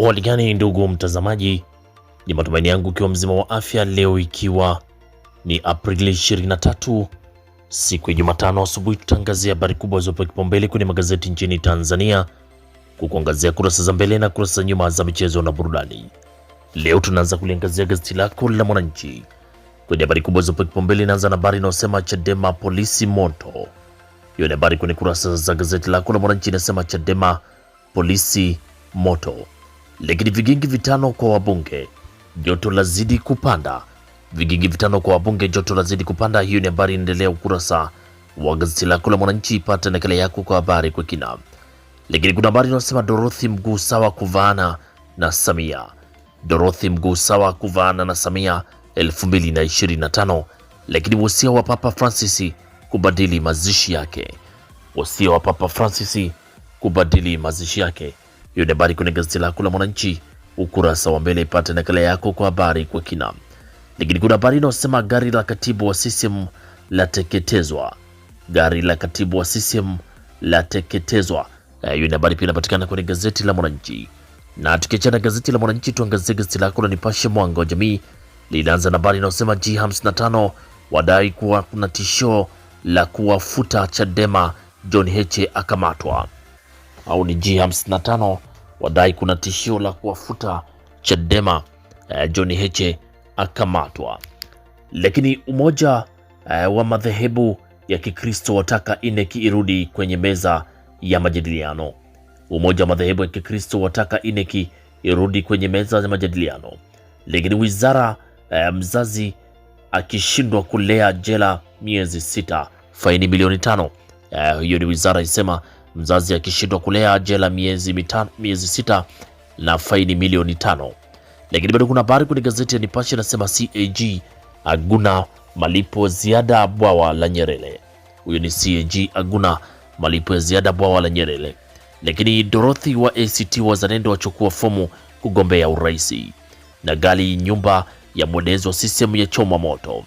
Uhaligani ndugu mtazamaji, ni matumaini yangu ukiwa mzima wa afya leo, ikiwa ni Aprili 23 siku ya Jumatano asubuhi, tutaangazia habari kubwa zilizopewa kipaumbele kwenye magazeti nchini Tanzania, kukuangazia kurasa za mbele na kurasa za nyuma za michezo na burudani. Leo tunaanza kuliangazia gazeti lako la Mwananchi kwenye habari kubwa zilizopewa kipaumbele. Inaanza na habari inayosema Chadema polisi moto. Hiyo ni habari kwenye kurasa za gazeti lako la Mwananchi, inasema Chadema polisi moto lakini vigingi vitano kwa wabunge joto lazidi kupanda. Vigingi vitano kwa wabunge joto lazidi kupanda. Hiyo ni habari inaendelea ukurasa wa gazeti lako la Mwananchi. Ipate nakala yako kwa habari kwa kina. Lakini kuna habari inasema Dorothy sawa kuvaana na Samia, Dorothy sawa kuvaana na Samia 2025. Lakini wosia wa Papa Francis kubadili mazishi yake, wosia wa Papa Francis kubadili mazishi yake hiyo ni habari kwenye gazeti lako la Mwananchi ukurasa wa mbele, ipate nakala yako kwa habari kwa kina. Lakini kuna habari inayosema gari la katibu wa CCM teketezwa, gari la katibu wa CCM teketezwa. Eh, hiyo ni habari pia inapatikana kwenye gazeti la Mwananchi. Na tukiachana gazeti la Mwananchi, tuangazie gazeti lako la Nipashe mwanga wa jamii, linaanza na habari inayosema G55 wadai kuwa kuna tisho la kuwafuta Chadema, John Heche akamatwa au ni G55 wadai kuna tishio la kuwafuta Chadema. eh, John Heche akamatwa. Lakini umoja eh, wa madhehebu ya Kikristo wataka INEC irudi kwenye meza ya majadiliano. Umoja wa madhehebu ya Kikristo wataka INEC irudi kwenye meza ya majadiliano. Lakini wizara eh, mzazi akishindwa kulea jela miezi sita faini milioni tano. Eh, hiyo ni wizara isema mzazi akishindwa kulea jela miezi mitano, miezi sita na faini milioni tano. Lakini bado kuna habari kwenye gazeti ya Nipashe inasema CAG aguna malipo ziada bwawa la Nyerere. Huyo ni CAG aguna malipo ya ziada bwawa la Nyerere. Lakini Dorothy wa ACT Wazalendo wachukua fomu kugombea urais, na gali nyumba ya mwendezi wa CCM ya choma moto.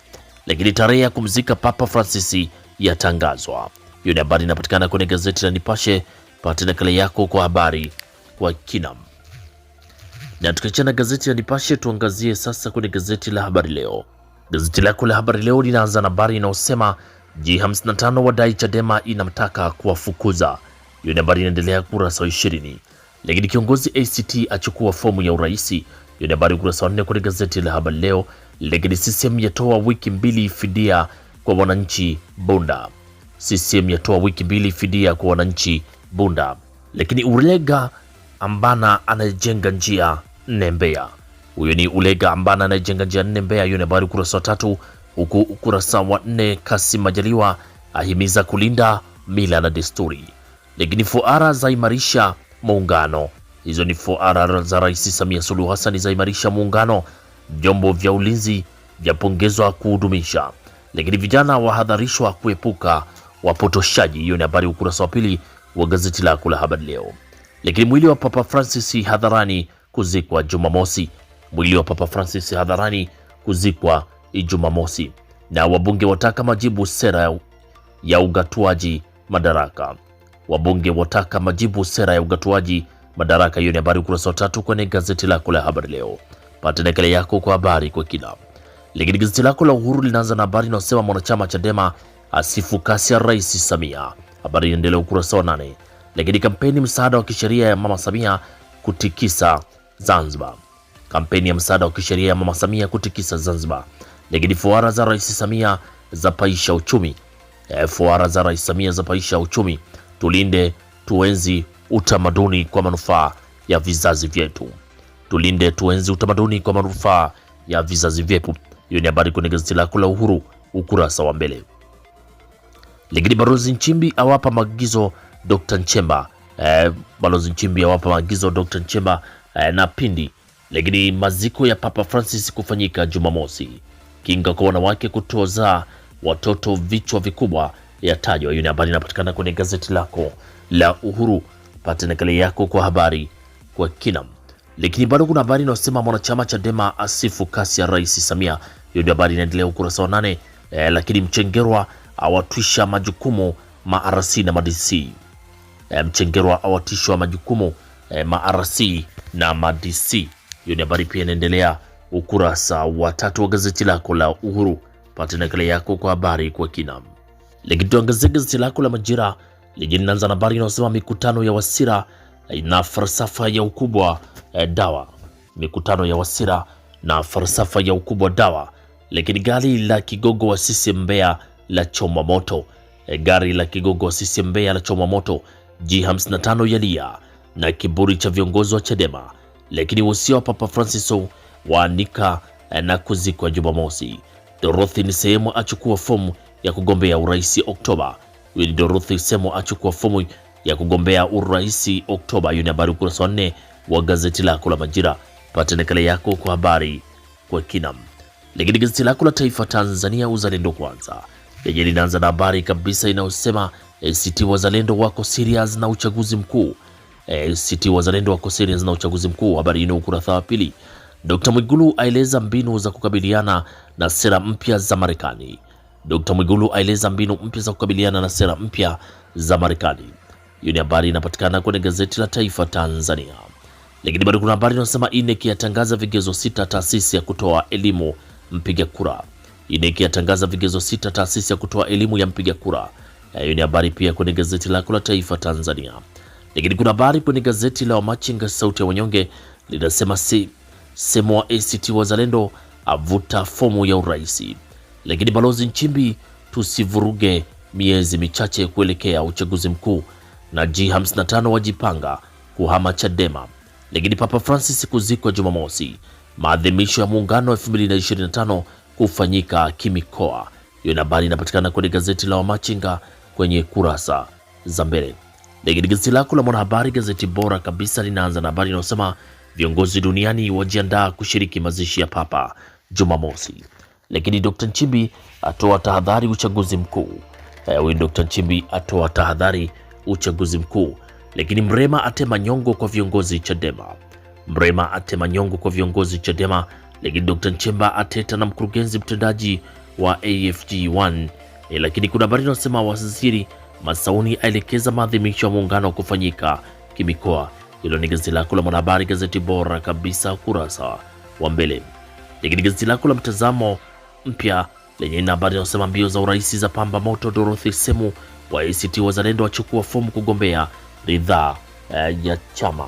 Lakini tarehe ya kumzika Papa Francis yatangazwa. Hiyo ni habari inapatikana kwenye gazeti la Nipashe. Pata nakala yako kwa habari kwa kinam. Na tukiachana gazeti la Nipashe, tuangazie sasa kwenye gazeti la Habari Leo. Gazeti lako la Habari Leo linaanza na habari inayosema G55 wadai Chadema inamtaka kuwafukuza. Hiyo ni habari inaendelea kurasa wa ishirini. Lakini kiongozi ACT achukua fomu ya uraisi. Hiyo ni habari kurasa wa kwenye gazeti la Habari Leo. Lakini CCM yatoa wiki mbili fidia kwa wananchi Bunda. CCM yatoa wiki mbili fidia kwa wananchi Bunda. Lakini Ulega Ambana anajenga njia nne Mbeya. Huyo ni Ulega Ambana anajenga njia nne Mbeya, hiyo ni habari ukurasa wa tatu, huku ukurasa wa nne Kasim Majaliwa ahimiza kulinda mila na desturi. Lakini fuara zaimarisha muungano, hizo ni fuara za Rais Samia Suluhu Hassan zaimarisha muungano. Vyombo vya ulinzi vyapongezwa kuhudumisha, lakini vijana wahadharishwa kuepuka wapotoshaji. Hiyo ni habari ukurasa wa pili wa gazeti lako la habari leo. Lakini mwili wa Papa Francis hadharani kuzikwa Jumamosi. Mwili wa Papa Francis hadharani kuzikwa Jumamosi. Na wabunge wataka majibu sera ya ugatuaji madaraka. Wabunge wataka majibu sera ya ugatuaji madaraka. Hiyo ni habari ukurasa wa tatu kwenye gazeti lako la habari leo. Pata nakala yako kwa habari kwa kina. Lakini gazeti lako la Uhuru linaanza na habari inayosema mwanachama Chadema asifu kasi ya Rais Samia. Habari inaendelea ukurasa wa nane. Lakini kampeni msaada wa kisheria ya Mama Samia kutikisa Zanzibar. Kampeni ya msaada wa kisheria ya Mama Samia kutikisa Zanzibar. Lakini fuara za Rais Samia za paisha uchumi. E, fuara za Rais Samia za paisha uchumi. Tulinde tuenzi utamaduni kwa manufaa ya vizazi vyetu. Tulinde tuenzi utamaduni kwa manufaa ya vizazi vyetu. Hiyo ni habari kwenye gazeti lako la Uhuru ukurasa wa mbele. Lakini Balozi Nchimbi awapa maagizo Dr. Nchemba. Eh, Balozi Nchimbi awapa maagizo Dr. Nchemba eh, na Pindi. Lakini maziko ya Papa Francis kufanyika Jumamosi. Kinga kwa wanawake kutoza watoto vichwa vikubwa ya tajwa. Hiyo ni habari inapatikana kwenye gazeti lako la Uhuru. Pata nakala yako kwa habari kwa kina. Lakini bado kuna habari inayosema mwanachama Chadema asifu kasi ya Rais Samia. Hiyo ndio habari inaendelea ukurasa wa nane. Eh, lakini Mchengerwa awatwisha majukumu maarasi na ma E, Mchengerwa awatishwa majukumu e, eh, maarasi na madc Hiyo ni habari pia inaendelea ukurasa wa tatu wa gazeti lako la Uhuru. Pate nakala yako kwa habari kwa kina. Lakini tuangazie gazeti lako la Majira lenye linaanza na habari inayosema mikutano ya Wasira eh, na falsafa ya ukubwa e, dawa. Mikutano ya Wasira na falsafa ya ukubwa dawa. Lakini gari la kigogo wa sisi Mbeya la choma moto. E, gari la kigogo wa CCM Mbeya la choma moto, G55 yalia na kiburi cha viongozi wa Chadema, lakini wosia wa Papa Francis waanika e, na kuzikwa Jumamosi. Dorothy sehemu achukua fomu ya kugombea urais Oktoba. Wili Dorothy Nsemo achukua fomu ya kugombea urais Oktoba. Hiyo ni habari ukurasa wa nne wa gazeti lako la Majira. Pata nakala yako kwa habari kwa kinam. Lakini gazeti lako la Taifa Tanzania Uzalendo Kwanza lenye linaanza na habari kabisa inayosema ACT Wazalendo wako serious na uchaguzi mkuu. ACT Wazalendo wako serious na uchaguzi mkuu, habari hii ni ukurasa wa pili. Dr. Mwigulu aeleza mbinu za kukabiliana na sera mpya za Marekani. Dr. Mwigulu aeleza mbinu mpya za kukabiliana na sera mpya za Marekani. Hiyo ni habari inapatikana kwenye gazeti la Taifa Tanzania. Lakini bado kuna habari inasema INEC yatangaza vigezo sita taasisi ya kutoa elimu mpiga kura. INEC yatangaza vigezo sita taasisi ya kutoa elimu ya mpiga kura. Na hiyo ni habari pia kwenye gazeti lako la Taifa Tanzania. Lakini kuna habari kwenye gazeti la Wamachinga Sauti ya Wanyonge linasema si semo wa ACT Wazalendo avuta fomu ya urais. Lakini Balozi Nchimbi, tusivuruge miezi michache kuelekea uchaguzi mkuu, na G55 wajipanga kuhama Chadema. Lakini Papa Francis kuzikwa Jumamosi, maadhimisho ya muungano 2025 kufanyika kimikoa. Hiyo habari inapatikana kwenye gazeti la Wamachinga kwenye kurasa za mbele. Lakini gazeti lako la Mwanahabari, gazeti bora kabisa, linaanza na habari inayosema viongozi duniani wajiandaa kushiriki mazishi ya Papa Jumamosi. Lakini Dr. Nchimbi atoa tahadhari uchaguzi mkuu. Eh, huyu Dr. Nchimbi atoa tahadhari uchaguzi mkuu. Lakini Mrema atema nyongo kwa viongozi Chadema. Mrema atema nyongo kwa viongozi Chadema lakini Dr. Nchemba ateta na mkurugenzi mtendaji wa AFG1. E, eh, lakini kuna habari inasema waziri Masauni aelekeza maadhimisho ya muungano kufanyika kimikoa. Hilo ni gazeti lako la Mwanahabari, gazeti bora kabisa kurasa wa mbele. Lakini gazeti lako la Mtazamo Mpya lenye ina habari inasema mbio za urais za pamba moto, Dorothy Semu wa ACT Wazalendo achukua fomu kugombea ridhaa eh, ya chama,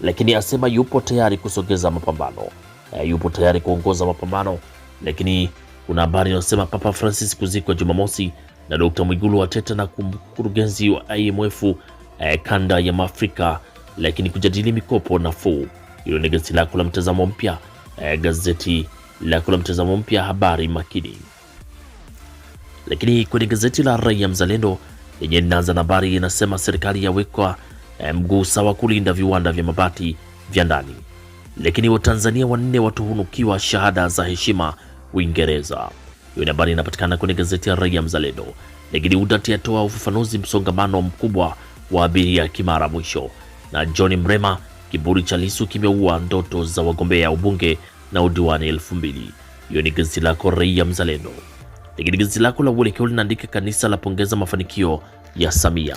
lakini asema yupo tayari kusogeza mapambano uh, yupo tayari kuongoza mapambano, lakini kuna habari inayosema Papa Francis kuzikwa Jumamosi na Dr. Mwigulu Wateta na mkurugenzi wa IMF uh, eh, kanda ya Afrika, lakini kujadili mikopo nafuu. Hilo ni gazeti lako la mtazamo mpya uh, gazeti lako la mtazamo mpya, habari makini. Lakini kwenye gazeti la Raia Mzalendo yenye inaanza na habari inasema serikali yawekwa mguu sawa kulinda viwanda vya mabati vya ndani lakini Watanzania wanne watuhunukiwa shahada za heshima Uingereza. Hiyo ni habari inapatikana kwenye gazeti ya Raia Mzalendo. Lakini Udati atoa ufafanuzi msongamano mkubwa wa abiria Kimara mwisho, na John Mrema, kiburi cha Lisu kimeua ndoto za wagombea ubunge na udiwani elfu mbili. Hiyo ni gazeti lako Raia Mzalendo. Lakini gazeti lako la Uelekeo linaandika kanisa la pongeza mafanikio ya Samia,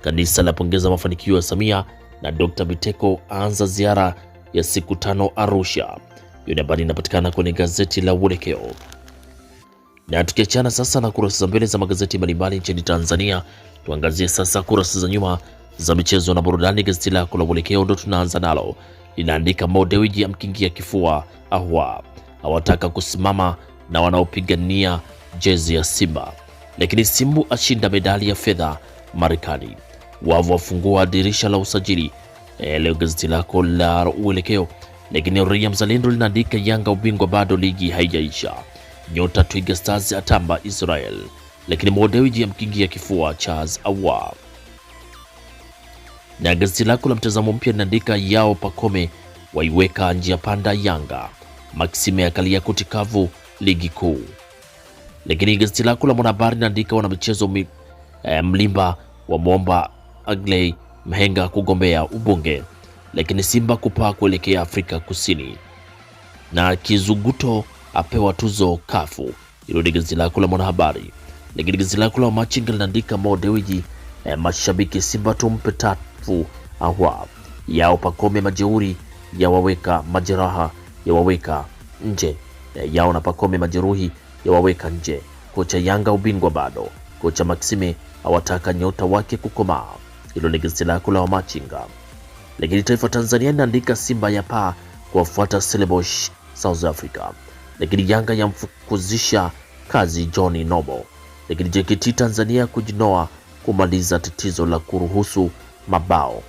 kanisa la pongeza mafanikio ya Samia na Dr. Biteko aanza ziara ya siku tano Arusha. Hiyo ni habari inapatikana kwenye gazeti la Uelekeo. Na tukiachana sasa na kurasa za mbele za magazeti mbalimbali nchini Tanzania, tuangazie sasa kurasa za nyuma za michezo na burudani. Gazeti lako la Uelekeo ndo tunaanza nalo, linaandika Mo Dewji amkingia kifua ahwa, hawataka kusimama na wanaopigania jezi ya Simba, lakini Simbu ashinda medali ya fedha Marekani, wavu wafungua dirisha la usajili E, leo gazeti lako la Uelekeo lakini Raia Mzalendo linaandika Yanga ubingwa bado ligi haijaisha, nyota Twiga Stars atamba Israel, lakini Modewiji amkingia kifua Charles Awa. Na gazeti lako la Mtazamo Mpya linaandika yao Pakome waiweka njia panda Yanga, Maxime akalia kuti kavu ligi kuu. Lakini gazeti lako la Mwanahabari linaandika wanamichezo mi, eh, Mlimba wamwomba Agley Mahenga kugombea ubunge, lakini Simba kupaa kuelekea Afrika Kusini, na Kizuguto apewa tuzo kafu. Hilo ni gazeti lako la Mwanahabari, lakini gazeti lako la Machinga linaandika Mo Dewji eh, mashabiki Simba tumpe tatu ahwa yao Pakome majeuri yawaweka majeraha yawaweka nje eh, yao na Pakome majeruhi yawaweka nje. Kocha Yanga ubingwa bado. Kocha Maxime awataka nyota wake kukomaa hilo ni gazeti lako la Wamachinga. Lakini Taifa Tanzania inaandika Simba ya paa kuwafuata Stellenbosch South Africa, lakini Yanga yamfukuzisha kazi Johnny Nobo, lakini JKT Tanzania kujinoa kumaliza tatizo la kuruhusu mabao.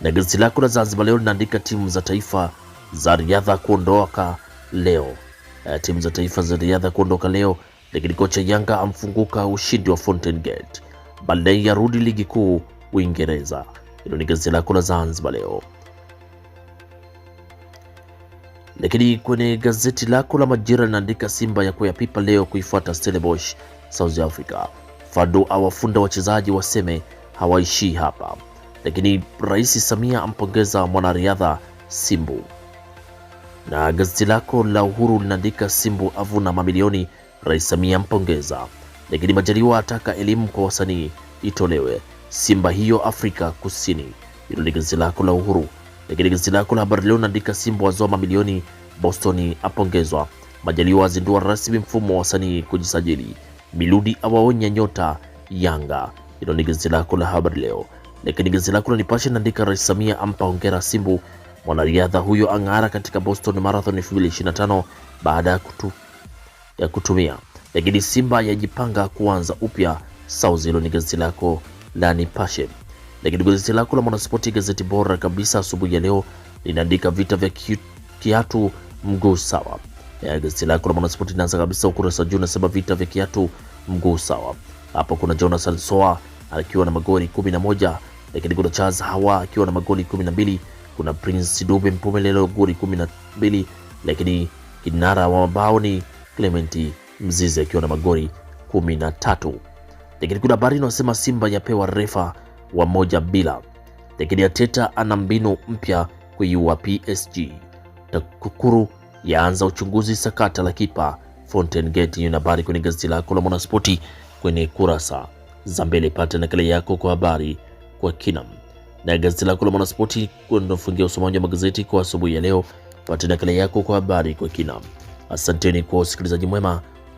Na gazeti lako la Zanzibar Leo linaandika timu za taifa za riadha kuondoka leo, eh, timu za taifa za riadha kuondoka leo, lakini kocha Yanga amfunguka ushindi wa Fountain Gate ya yarudi ligi kuu Uingereza. Hilo ni gazeti lako la Zanzibar Leo. Lakini kwenye gazeti lako la Majira linaandika Simba ya kuyapipa leo kuifuata Stellenbosch South Africa. Fadu awafunda wachezaji waseme hawaishii hapa. Lakini Rais Samia ampongeza mwanariadha Simbu. Na gazeti lako la Uhuru linaandika Simbu avuna mamilioni, Rais Samia ampongeza lakini Majaliwa ataka elimu kwa wasanii itolewe. Simba hiyo Afrika Kusini. Hilo ni gazeti lako la Uhuru. Lakini gazeti lako la Habari Leo linaandika Simba wazoa mamilioni, Boston apongezwa, Majaliwa azindua rasmi mfumo wa wasanii kujisajili, Miludi awaonya nyota Yanga. Hilo ni gazeti lako la Habari Leo. Lakini gazeti lako la Nipashe linaandika Rais Samia ampa hongera Simbu, mwanariadha huyo ang'ara katika Boston Marathon 2025 baada ya kutu, ya kutumia lakini Simba yajipanga kuanza upya. Sauzi, hilo ni gazeti lako la Nipashe. Lakini gazeti lako la Mwanaspoti, gazeti bora kabisa asubuhi ya leo, linaandika vita vya kiatu mguu sawa. Ya, Gazeti lako la Mwanaspoti inaanza kabisa ukurasa juu, nasema vita vya kiatu mguu sawa. Hapo kuna Jonas Alsoa akiwa na magoli 11, lakini kuna Charles Hawa akiwa na magoli 12, kuna Prince Dube Mpumelelo goli 12, lakini kinara wa mabao ni Clement Mzize akiwa na magori 13. Lakini kuna habari inasema Simba yapewa refa wa moja bila. Lakini Ateta ana mbinu mpya kuiua PSG. TAKUKURU yaanza uchunguzi sakata la kipa Fountain Gate. Hiyo habari kwenye gazeti lako la Mwanaspoti kwenye kurasa za mbele. Pata nakala yako kwa habari kwa kinam na gazeti lako la Mwanaspoti fungia usomaji wa magazeti kwa asubuhi ya leo. Pata nakala yako kwa habari kwa kinam. Asanteni kwa usikilizaji mwema